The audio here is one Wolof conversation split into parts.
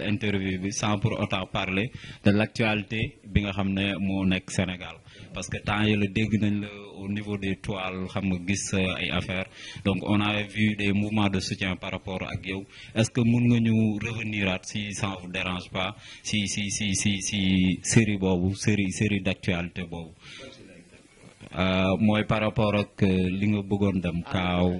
interview sans pour autant parler de l'actualité bi nga Sénégal parce que tant yi le dégg au niveau des toiles xam nga euh, ay affaires donc on a vu des mouvements de soutien par rapport à yow est ce que mën nga ñu si ça vous dérange pas si si si si si série d'actualités série série euh, Moi par rapport ak euh, li nga bëggoon dem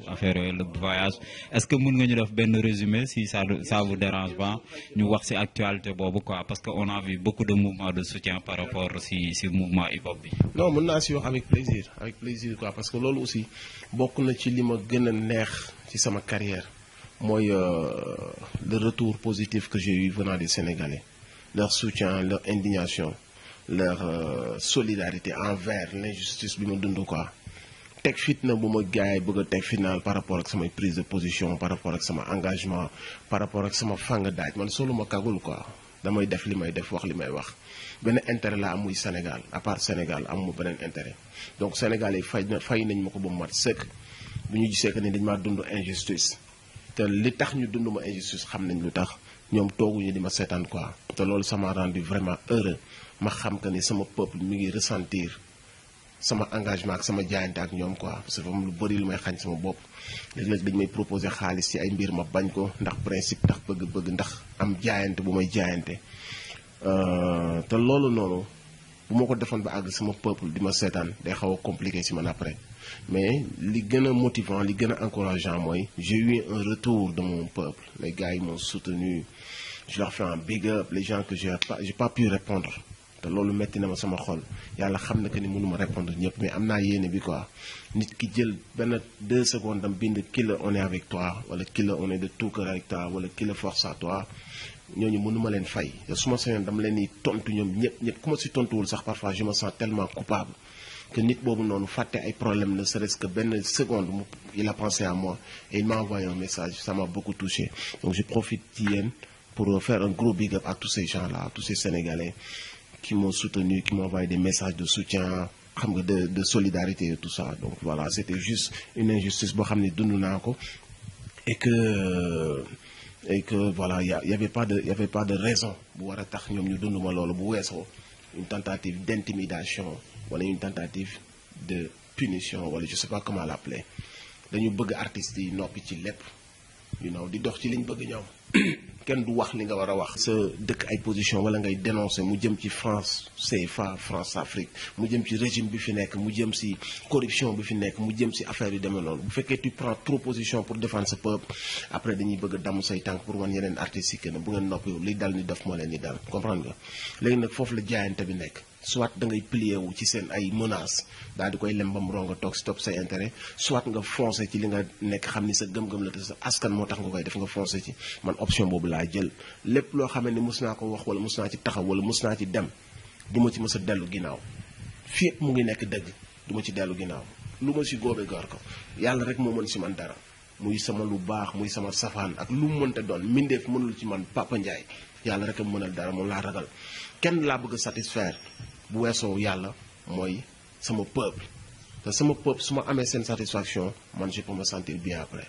affaire le voyage est-ce que vous nga bien def ben résumé si ça ça vous dérange pas ñu wax si actualité bobu quoi parce que on a vu beaucoup de mouvements de soutien par rapport si si mouvement hip non mën avec plaisir avec plaisir quoi parce que lolu aussi beaucoup na ci lima ma ma neex ci carrière moy euh, le retour positif que j'ai eu venant des Sénégalais leur soutien leur indignation leur euh, solidarité envers l'injustice bi ma dund quoi tek fitna buma ma gaay bëgg a final par rapport ak samay prise de position par rapport ak sama engagement par rapport ak sama fang daaj man solo ma kagul quoi damay def limay def wax limay wax ben intérêt la amuy Sénégal à part Sénégal am mu intérêt donc Sénégal yi fay fay nañ mako bu mat sëkk buñu ñu que ni dañ ma dundou injustice té li tax ñu dund ma injustice xam nañ lu tax ñoom tooguñu di ma seetaan quoi te loolu sama m'a rendu vraiment heureux ma xam que ni sama peuple mi ngi ressentir sama engagement ak sama jaayante ak ñoom quoi parce que lu bëri lu may xañ sama bopp léeg-léeg dañ may proposer xaalis ci ay mbir ma bañ ko ndax principe ndax bëgg-bëgg ndax am jaayante bu may jaayante euh, te loolu noonu. bu ma ko defoon ba àgg sama peuple di ma seetaan day xaw a compliqué si après mais li gën a motivant li gën a encourageant mooy j'ai eu un retour de mon peuple les gars ils m'ont soutenu je leur fais un big up les gens que j'ai pas j'ai pas pu répondre te loolu metti na ma sama xol yàlla xam na que ni mënuma répondre ñëpp mais am naa yéene bi quoi nit ki jël benn deux secondes am bind kii la on est avec toi wala kii la on est de tout cœur avec toi wala kii la force à toi ñooñu mënuma len fay suma dama leni tontu ñom si sax parfois je me sens tellement coupable que nit bobu nonu faté ay problème ne serait-ce que une seconde il a pensé à moi et il m'a envoyé un message ça m'a beaucoup touché donc je profite pour euh, faire un gros big up à tous ces gens là à tous ces sénégalais qui m'ont soutenu qui m'ont envoyé des messages de soutien de solidarité et tout ça donc voilà c'était juste une injustice bo dundunako et que euh, et que voilà il n'y avait pas de avait pas de raison pour une tentative d'intimidation ou une tentative de punition wala je sais pas comment l'appeler dañu bëgg artistes yi ci you know di dox kenn du wax li nga war a wax. sa dëkk ay position wala ngay dénoncer mu jëm ci France CFA France Afrique mu jëm ci régime bi fi nekk mu jëm si corruption bi fi nekk mu jëm si affaire yu demee noonu bu fekkee tu prends trop position pour défendre sa peuple après dañuy bëgg a damm say tànk pour wan yeneen artistes yi bu ngeen noppi li dal ni def moo leen di dal comprendre nga léegi nag foofu la jaayante bi nekk. soit da ngay plié wu ci sen ay menaces dal di koy lembam rongo tok stop say intérêt soit nga foncer ci li nga nek xamni sa gëm-gëm la askan motax nga koy def nga foncer ci man option bobu la jël lepp lo xamni musna ko wax wala musna ci taxaw wala musna ci dem duma ci mësa delu ginaaw ginnaaw mu ngi nek deug duma ci delu ginaaw luma ci si góobe ko yalla rek mo mën si man dara muy sama lu baax muy sama ak lu mënta don mindeef mënul ci man papa ndjay yalla rek mënal dara mo la ragal kenn la bëgg satisfaire son weesoo moi, c'est mon peuple c'est mon peuple si ma satisfaction moi, je peux me sentir bien après